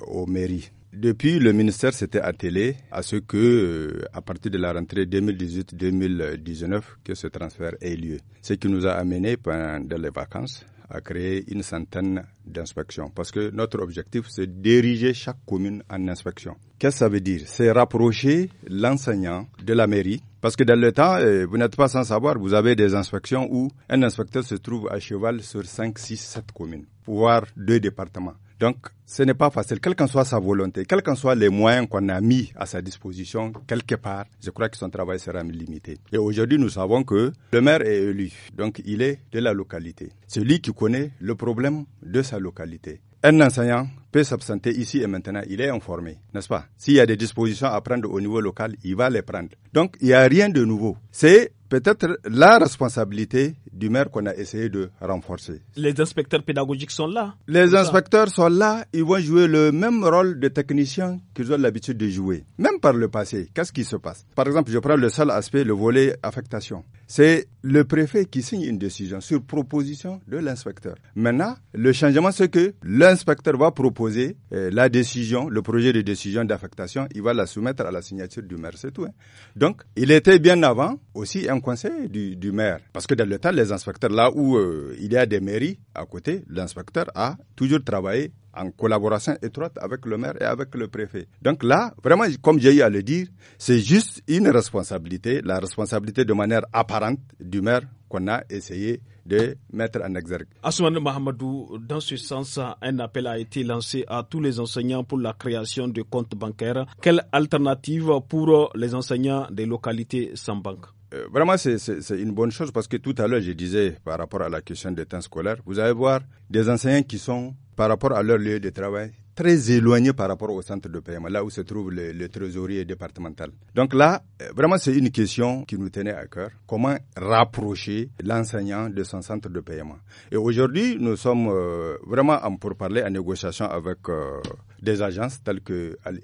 aux mairies. Depuis, le ministère s'était attelé à ce que, euh, à partir de la rentrée 2018-2019, que ce transfert ait lieu. Ce qui nous a amené pendant les vacances à créer une centaine d'inspections. Parce que notre objectif, c'est diriger chaque commune en inspection. Qu'est-ce que ça veut dire C'est rapprocher l'enseignant de la mairie. Parce que dans le temps, euh, vous n'êtes pas sans savoir, vous avez des inspections où un inspecteur se trouve à cheval sur 5, 6, 7 communes, voire deux départements. Donc, ce n'est pas facile, quelle qu'en soit sa volonté, quels qu'en soient les moyens qu'on a mis à sa disposition, quelque part, je crois que son travail sera limité. Et aujourd'hui, nous savons que le maire est élu, donc il est de la localité. C'est lui qui connaît le problème de sa localité. Un enseignant peut s'absenter ici et maintenant, il est informé, n'est-ce pas S'il y a des dispositions à prendre au niveau local, il va les prendre. Donc, il n'y a rien de nouveau. C'est peut-être la responsabilité du maire qu'on a essayé de renforcer. Les inspecteurs pédagogiques sont là. Les inspecteurs sont là, ils vont jouer le même rôle de technicien qu'ils ont l'habitude de jouer. Même par le passé, qu'est-ce qui se passe Par exemple, je prends le seul aspect, le volet affectation c'est le préfet qui signe une décision sur proposition de l'inspecteur. Maintenant, le changement, c'est que l'inspecteur va proposer euh, la décision, le projet de décision d'affectation, il va la soumettre à la signature du maire, c'est tout. Hein. Donc, il était bien avant aussi un conseil du, du, maire. Parce que dans le temps, les inspecteurs, là où euh, il y a des mairies à côté, l'inspecteur a toujours travaillé en collaboration étroite avec le maire et avec le préfet. Donc là, vraiment, comme j'ai eu à le dire, c'est juste une responsabilité, la responsabilité de manière apparente du maire qu'on a essayé de mettre en exergue. Assoumane Mahamadou, dans ce sens, un appel a été lancé à tous les enseignants pour la création de comptes bancaires. Quelle alternative pour les enseignants des localités sans banque euh, vraiment, c'est une bonne chose parce que tout à l'heure, je disais par rapport à la question des temps scolaires, vous allez voir des enseignants qui sont, par rapport à leur lieu de travail, très éloignés par rapport au centre de paiement, là où se trouve le, le trésorier départemental. Donc là, euh, vraiment, c'est une question qui nous tenait à cœur. Comment rapprocher l'enseignant de son centre de paiement Et aujourd'hui, nous sommes euh, vraiment en parler en négociation avec des agences telles que al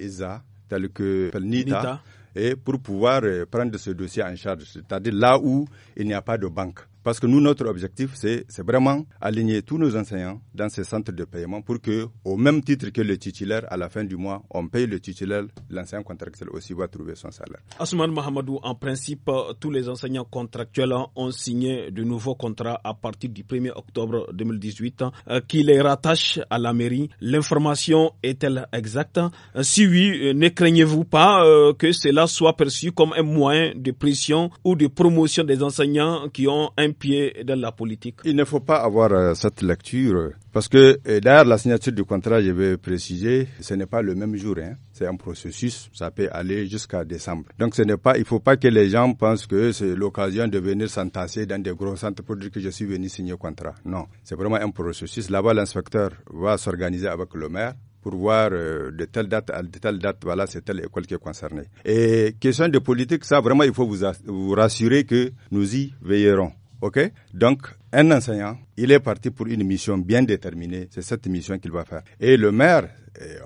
telles que Nita et pour pouvoir euh, prendre ce dossier en charge, c'est-à-dire là où il n'y a pas de banque. Parce que nous, notre objectif, c'est vraiment aligner tous nos enseignants dans ces centres de paiement pour que, au même titre que le titulaire, à la fin du mois, on paye le titulaire, l'enseignant contractuel aussi va trouver son salaire. Asman Mahamadou, en principe, tous les enseignants contractuels ont signé de nouveaux contrats à partir du 1er octobre 2018 euh, qui les rattachent à la mairie. L'information est-elle exacte euh, Si oui, euh, ne craignez-vous pas que cela soit perçu comme un moyen de pression ou de promotion des enseignants qui ont un pied la politique. Il ne faut pas avoir euh, cette lecture parce que d'ailleurs la signature du contrat, je vais préciser, ce n'est pas le même jour. Hein. C'est un processus, ça peut aller jusqu'à décembre. Donc ce n'est pas, il ne faut pas que les gens pensent que c'est l'occasion de venir s'entasser dans des gros centres pour dire que je suis venu signer le contrat. Non, c'est vraiment un processus. Là-bas, l'inspecteur va s'organiser avec le maire pour voir euh, de telle date à telle date, voilà, c'est telle école qui est concernée. Et question de politique, ça vraiment, il faut vous rassurer que nous y veillerons. OK Donc, un enseignant, il est parti pour une mission bien déterminée. C'est cette mission qu'il va faire. Et le maire,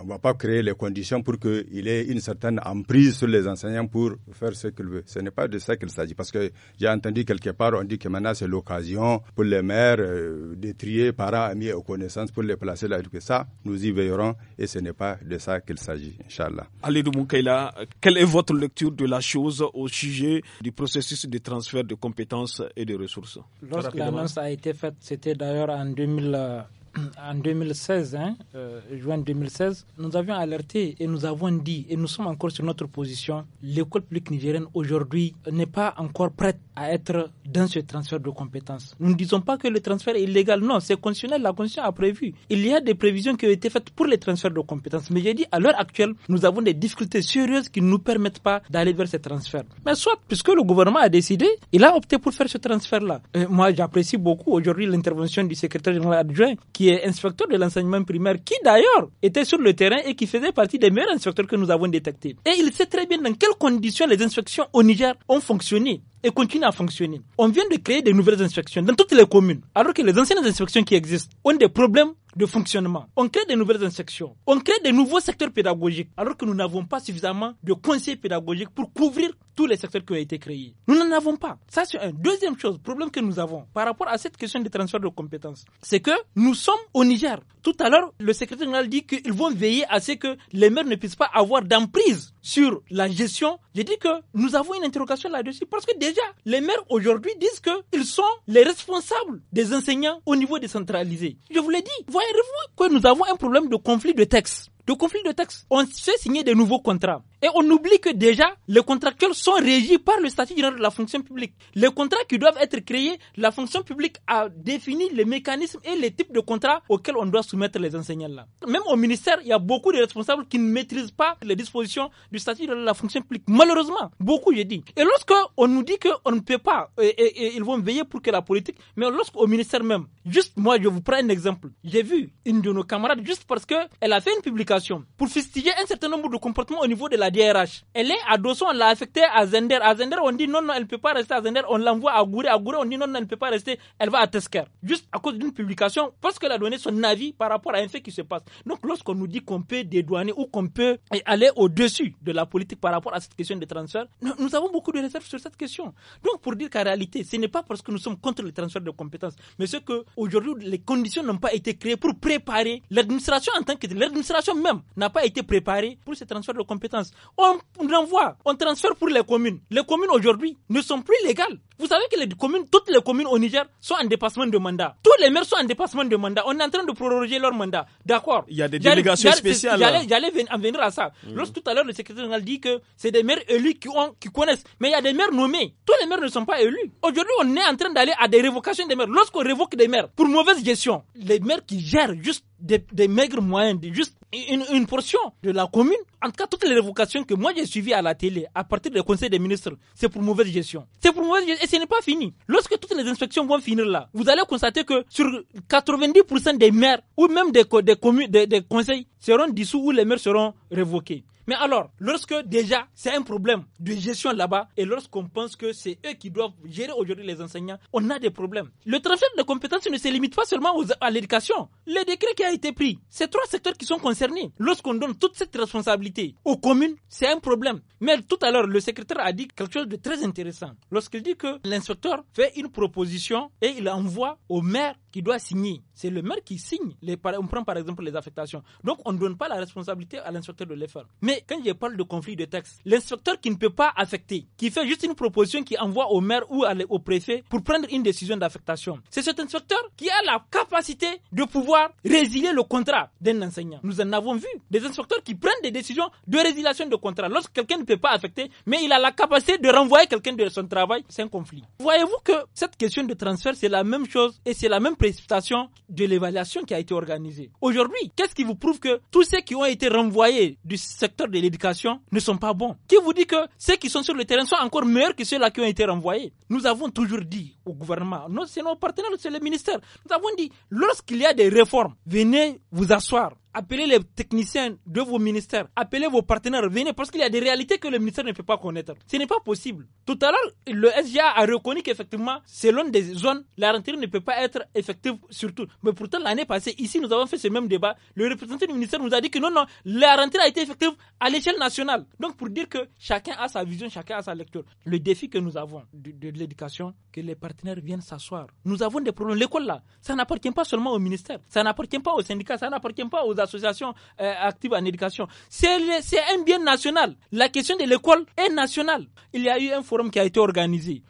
on ne va pas créer les conditions pour qu'il ait une certaine emprise sur les enseignants pour faire ce qu'il veut. Ce n'est pas de ça qu'il s'agit. Parce que j'ai entendu quelque part, on dit que maintenant c'est l'occasion pour les maires euh, de trier parents, amis aux connaissances pour les placer là. Que ça, nous y veillerons et ce n'est pas de ça qu'il s'agit, Inch'Allah. Alidou Moukaila, quelle est votre lecture de la chose au sujet du processus de transfert de compétences et de ressources Lorsque l'annonce a été faite, c'était d'ailleurs en 2000 en 2016, hein, euh, juin 2016, nous avions alerté et nous avons dit, et nous sommes encore sur notre position, l'école publique nigérienne aujourd'hui n'est pas encore prête à être dans ce transfert de compétences. Nous ne disons pas que le transfert est illégal, non, c'est conditionnel, la Constitution a prévu. Il y a des prévisions qui ont été faites pour les transferts de compétences, mais j'ai dit, à l'heure actuelle, nous avons des difficultés sérieuses qui ne nous permettent pas d'aller vers ces transferts. Mais soit, puisque le gouvernement a décidé, il a opté pour faire ce transfert-là. Euh, moi, j'apprécie beaucoup aujourd'hui l'intervention du secrétaire général adjoint qui qui est inspecteur de l'enseignement primaire, qui d'ailleurs était sur le terrain et qui faisait partie des meilleurs inspecteurs que nous avons détectés. Et il sait très bien dans quelles conditions les inspections au Niger ont fonctionné et continue à fonctionner. On vient de créer des nouvelles inspections dans toutes les communes, alors que les anciennes inspections qui existent ont des problèmes de fonctionnement. On crée des nouvelles inspections, on crée des nouveaux secteurs pédagogiques, alors que nous n'avons pas suffisamment de conseils pédagogiques pour couvrir tous les secteurs qui ont été créés. Nous n'en avons pas. Ça, c'est un deuxième chose, problème que nous avons par rapport à cette question de transfert de compétences. C'est que nous sommes au Niger. Tout à l'heure, le secrétaire général dit qu'ils vont veiller à ce que les maires ne puissent pas avoir d'emprise sur la gestion. J'ai dit que nous avons une interrogation là-dessus parce que des les maires aujourd'hui disent qu'ils sont les responsables des enseignants au niveau décentralisé. Je vous l'ai dit, voyez-vous que nous avons un problème de conflit de texte de conflit de texte. On fait signer des nouveaux contrats. Et on oublie que déjà, les contractuels sont régis par le statut général de la fonction publique. Les contrats qui doivent être créés, la fonction publique a défini les mécanismes et les types de contrats auxquels on doit soumettre les enseignants là. Même au ministère, il y a beaucoup de responsables qui ne maîtrisent pas les dispositions du statut de la fonction publique. Malheureusement, beaucoup, j'ai dit. Et lorsque on nous dit qu'on ne peut pas, et ils vont veiller pour que la politique, mais lorsqu'au ministère même, Juste moi, je vous prends un exemple. J'ai vu une de nos camarades juste parce que elle a fait une publication pour festiger un certain nombre de comportements au niveau de la DRH. Elle est à Dosson, on l'a affectée à Zender. À Zender, on dit non, non, elle ne peut pas rester à Zender. On l'envoie à Gouré. À Gouré, on dit non, non, elle ne peut pas rester. Elle va à Tesker. Juste à cause d'une publication parce qu'elle a donné son avis par rapport à un fait qui se passe. Donc lorsqu'on nous dit qu'on peut dédouaner ou qu'on peut aller au-dessus de la politique par rapport à cette question des transferts, nous, avons beaucoup de réserves sur cette question. Donc pour dire qu'en réalité, ce n'est pas parce que nous sommes contre les transferts de compétences, mais ce que Aujourd'hui, les conditions n'ont pas été créées pour préparer l'administration en tant que l'administration même n'a pas été préparée pour ce transfert de compétences. On renvoie, on transfère pour les communes. Les communes aujourd'hui ne sont plus légales. Vous savez que les communes, toutes les communes au Niger sont en dépassement de mandat. Tous les maires sont en dépassement de mandat. On est en train de proroger leur mandat. D'accord. Il y a des délégations spéciales. J'allais en venir à ça. Mm. Lorsque tout à l'heure le secrétaire général dit que c'est des maires élus qui, ont, qui connaissent, mais il y a des maires nommés. Tous les maires ne sont pas élus. Aujourd'hui, on est en train d'aller à des révocations des maires. Lorsqu'on révoque des maires, pour mauvaise gestion. Les maires qui gèrent juste des, maigres moyens, juste une, portion de la commune. En tout cas, toutes les révocations que moi j'ai suivies à la télé, à partir des conseils des ministres, c'est pour mauvaise gestion. C'est pour mauvaise gestion et ce n'est pas fini. Lorsque toutes les inspections vont finir là, vous allez constater que sur 90% des maires ou même des, des, des conseils seront dissous ou les maires seront révoqués. Mais alors, lorsque déjà c'est un problème de gestion là-bas et lorsqu'on pense que c'est eux qui doivent gérer aujourd'hui les enseignants, on a des problèmes. Le transfert de compétences ne se limite pas seulement aux, à l'éducation. Le décret qui a été pris, c'est trois secteurs qui sont concernés. Lorsqu'on donne toute cette responsabilité aux communes, c'est un problème. Mais tout à l'heure, le secrétaire a dit quelque chose de très intéressant. Lorsqu'il dit que l'instructeur fait une proposition et il envoie au maire qui doit signer. C'est le maire qui signe. Les, on prend par exemple les affectations. Donc on ne donne pas la responsabilité à l'instructeur de les faire. Mais quand je parle de conflit de texte, l'inspecteur qui ne peut pas affecter, qui fait juste une proposition qui envoie au maire ou au préfet pour prendre une décision d'affectation, c'est cet inspecteur qui a la capacité de pouvoir résilier le contrat d'un enseignant. Nous en avons vu des inspecteurs qui prennent des décisions de résiliation de contrat. Lorsque quelqu'un ne peut pas affecter, mais il a la capacité de renvoyer quelqu'un de son travail, c'est un conflit. Voyez-vous que cette question de transfert, c'est la même chose et c'est la même précipitation de l'évaluation qui a été organisée. Aujourd'hui, qu'est-ce qui vous prouve que tous ceux qui ont été renvoyés du secteur de l'éducation ne sont pas bons. Qui vous dit que ceux qui sont sur le terrain sont encore meilleurs que ceux-là qui ont été renvoyés Nous avons toujours dit au gouvernement, c'est nos partenaires, c'est le ministère, nous avons dit, lorsqu'il y a des réformes, venez vous asseoir appelez les techniciens de vos ministères, appelez vos partenaires, venez, parce qu'il y a des réalités que le ministère ne peut pas connaître. Ce n'est pas possible. Tout à l'heure, le SGA a reconnu qu'effectivement, selon des zones, la rentrée ne peut pas être effective surtout. Mais pourtant, l'année passée, ici, nous avons fait ce même débat. Le représentant du ministère nous a dit que non, non, la rentrée a été effective à l'échelle nationale. Donc, pour dire que chacun a sa vision, chacun a sa lecture. Le défi que nous avons de, de l'éducation, que les partenaires viennent s'asseoir. Nous avons des problèmes. L'école, là, ça n'appartient pas seulement au ministère, ça n'appartient pas aux syndicats, ça n'appartient pas aux association euh, active en éducation. C'est un bien national. La question de l'école est nationale. Il y a eu un forum qui a été organisé.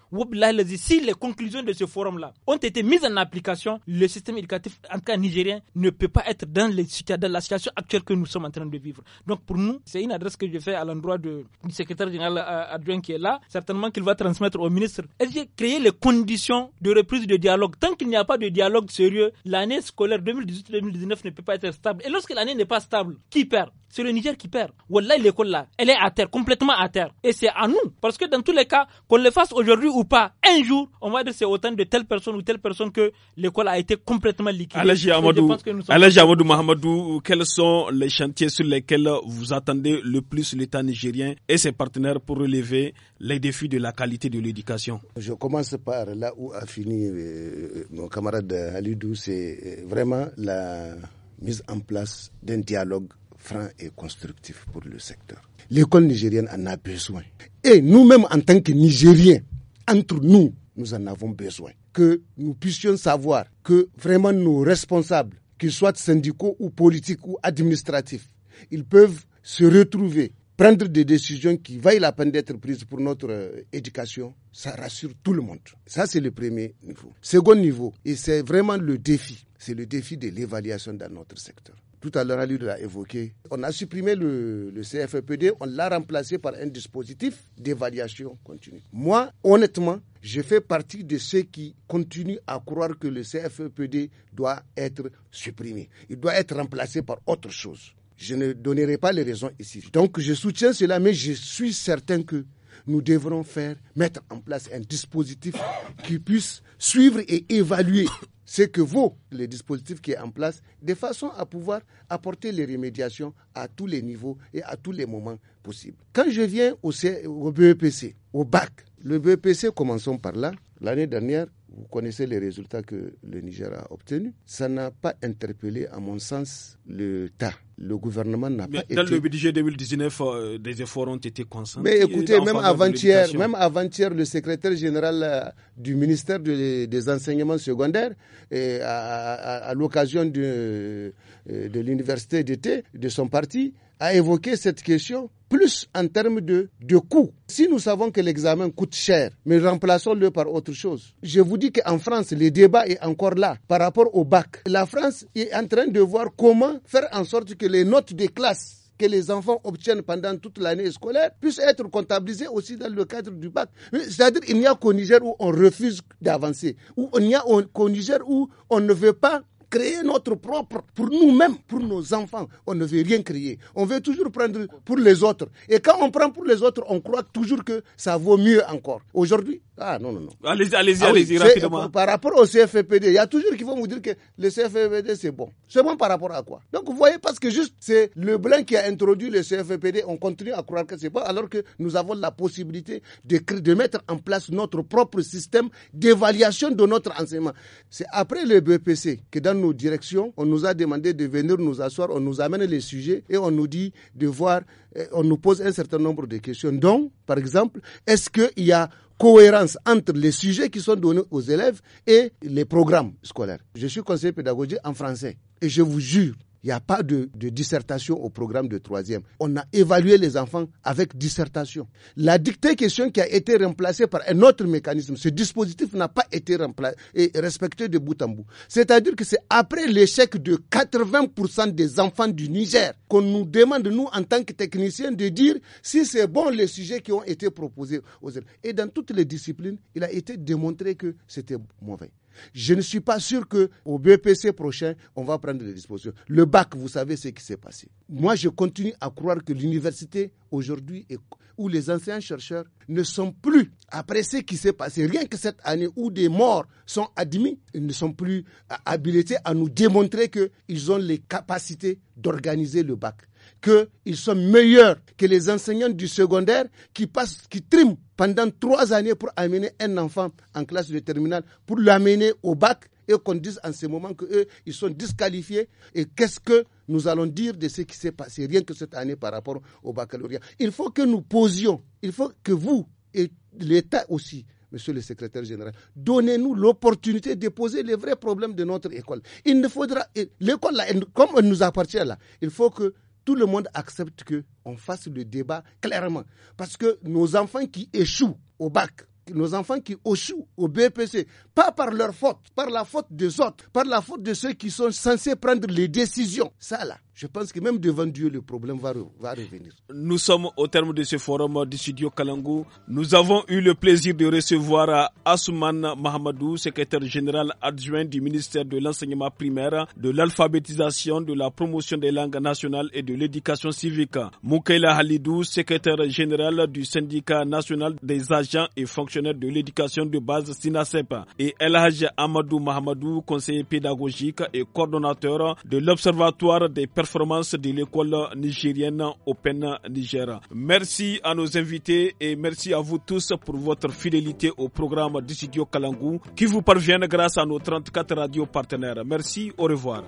Si les conclusions de ce forum-là ont été mises en application, le système éducatif, en cas nigérien, ne peut pas être dans, les, la situation actuelle que nous sommes en train de vivre. Donc pour nous, c'est une adresse que je fais à l'endroit du secrétaire général euh, adjoint qui est là. Certainement qu'il va transmettre au ministre. Et créer les conditions de reprise de dialogue. Tant qu'il n'y a pas de dialogue sérieux, l'année scolaire 2018-2019 ne peut pas être stable. Et que l'année n'est pas stable, qui perd c'est le Niger qui perd. Wallah, l'école là, elle est à terre, complètement à terre. Et c'est à nous. Parce que dans tous les cas, qu'on le fasse aujourd'hui ou pas, un jour, on va dire c'est autant de telle personne ou telle personne que l'école a été complètement liquide. Alaji Amadou, quels sont les chantiers sur lesquels vous attendez le plus l'État nigérien et ses partenaires pour relever les défis de la qualité de l'éducation Je commence par là où a fini euh, mon camarade Halidou, c'est euh, vraiment la mise en place d'un dialogue franc et constructif pour le secteur. L'école nigérienne en a besoin. Et nous-mêmes, en tant que Nigériens, entre nous, nous en avons besoin. Que nous puissions savoir que vraiment nos responsables, qu'ils soient syndicaux ou politiques ou administratifs, ils peuvent se retrouver prendre des décisions qui vaillent la peine d'être prises pour notre euh, éducation, ça rassure tout le monde. Ça, c'est le premier niveau. Second niveau, et c'est vraiment le défi, c'est le défi de l'évaluation dans notre secteur. Tout à l'heure, Ali l'a évoqué. On a supprimé le, CFEPD, on l'a remplacé par un dispositif d'évaluation continue. Moi, honnêtement, je fais partie de ceux qui continuent à croire que le CFEPD doit être supprimé. Il doit être remplacé par autre chose. Je ne donnerai pas les raisons ici. Donc je soutiens cela, mais je suis certain que nous devrons faire, mettre en place un dispositif qui puisse suivre et évaluer ce que vaut le dispositif qui est en place, de façon à pouvoir apporter les remédiations à tous les niveaux et à tous les moments possibles. Quand je viens au, BEPC, au BAC, e le BEPC, commençons par là, L'année dernière, vous connaissez les résultats que le Niger a obtenus. Ça n'a pas interpellé, à mon sens, le tas. Le gouvernement n'a pas dans le budget 2019, euh, des efforts ont été concentrés... Mais écoutez, même avant-hier, même avant-hier, le secrétaire général euh, du ministère des enseignements secondaires, à, l'occasion euh, de l'université d'été de son parti, a évoqué cette question plus en termes de, de coût. Si nous savons que l'examen coûte cher, mais remplaçons-le par autre chose. Je vous dis qu'en France, le débat est encore là par rapport au bac. La France est en train de voir comment faire en sorte que les notes des classes que les enfants obtiennent pendant toute l'année scolaire puissent être comptabilisées aussi dans le cadre du bac. C'est-à-dire qu'il n'y a qu'au Niger où on refuse d'avancer, où il n'y a qu'au Niger où on ne veut pas créer notre propre pour nous-mêmes, pour nos enfants. On ne veut rien créer. On veut toujours prendre pour les autres. Et quand on prend pour les autres, on croit toujours que ça vaut mieux encore. Aujourd'hui, ah non, non, non. Allez-y, allez-y, ah allez rapidement. Par rapport au CFPD, il y a toujours qui vont vous dire que le CFPD, c'est bon. C'est bon par rapport à quoi Donc vous voyez, parce que juste, c'est le blanc qui a introduit le CFPD, on continue à croire que c'est bon, alors que nous avons la possibilité de, de mettre en place notre propre système d'évaluation de notre enseignement. C'est après le BPC que dans nos directions, on nous a demandé de venir nous asseoir, on nous amène les sujets et on nous dit de voir, euh, on nous pose un certain nombre de questions. Donc, par exemple, est-ce qu'il y a cohérence entre les sujets qui sont donnés aux élèves et les programmes scolaires. Je suis conseiller pédagogique en français et je vous jure, il n'y a pas de, de, dissertation au programme de troisième. On a évalué les enfants avec dissertation. La dictée question qui a été remplacée par un autre mécanisme, ce dispositif n'a pas été remplacé et respecté de bout en bout. C'est-à-dire que c'est après l'échec de 80% des enfants du Niger qu'on nous demande, nous, en tant que techniciens, de dire si c'est bon les sujets qui ont été proposés aux élèves. Et dans toutes les disciplines, il a été démontré que c'était mauvais. Je ne suis pas sûr que BPC prochain, on va prendre des dispositions. Le bac, vous savez ce qui s'est passé. Moi, je continue à croire que l'université aujourd'hui où les anciens chercheurs ne sont plus, après ce qui s'est passé, rien que cette année où des morts sont admis, ils ne sont plus euh, habilités à nous démontrer qu'ils ont les capacités d'organiser le bac qu'ils sont meilleurs que les enseignants du secondaire qui passent, qui triment pendant trois années pour amener un enfant en classe de terminale, pour l'amener au bac et qu'on dise en ce moment qu'eux, ils sont disqualifiés. Et qu'est-ce que nous allons dire de ce qui s'est passé rien que cette année par rapport au baccalauréat Il faut que nous posions, il faut que vous et l'État aussi, Monsieur le secrétaire général, donnez-nous l'opportunité de poser les vrais problèmes de notre école. Il ne faudra l'école là, comme elle nous appartient là, il faut que tout le monde accepte que on fasse le débat clairement. Parce que nos enfants qui échouent au bac, nos enfants qui échouent au BPC, pas par leur faute, par la faute des autres, par la faute de ceux qui sont censés prendre les décisions. Ça là, je pense que même devant Dieu, le problème va, revenir. Nous sommes au terme de ce forum du studio Kalangou. Nous avons eu le plaisir de recevoir euh, Asuman Mahamadou, secrétaire général adjoint du ministère de l'enseignement primaire, de l'alphabétisation, de la promotion des langues nationales et de l'éducation civique. Moukela Halidou, secrétaire général du syndicat national des agents et fonctionnaires de l'éducation de base SINASEP. Et LH Amadou Mahamadou, conseiller pédagogique et coordonnateur de l'Observatoire des personnes Performance de l'école nigérienne Open Niger. Merci à nos invités et merci à vous tous pour votre fidélité au programme du studio qui vous parvient grâce à nos 34 radios partenaires. Merci, au revoir.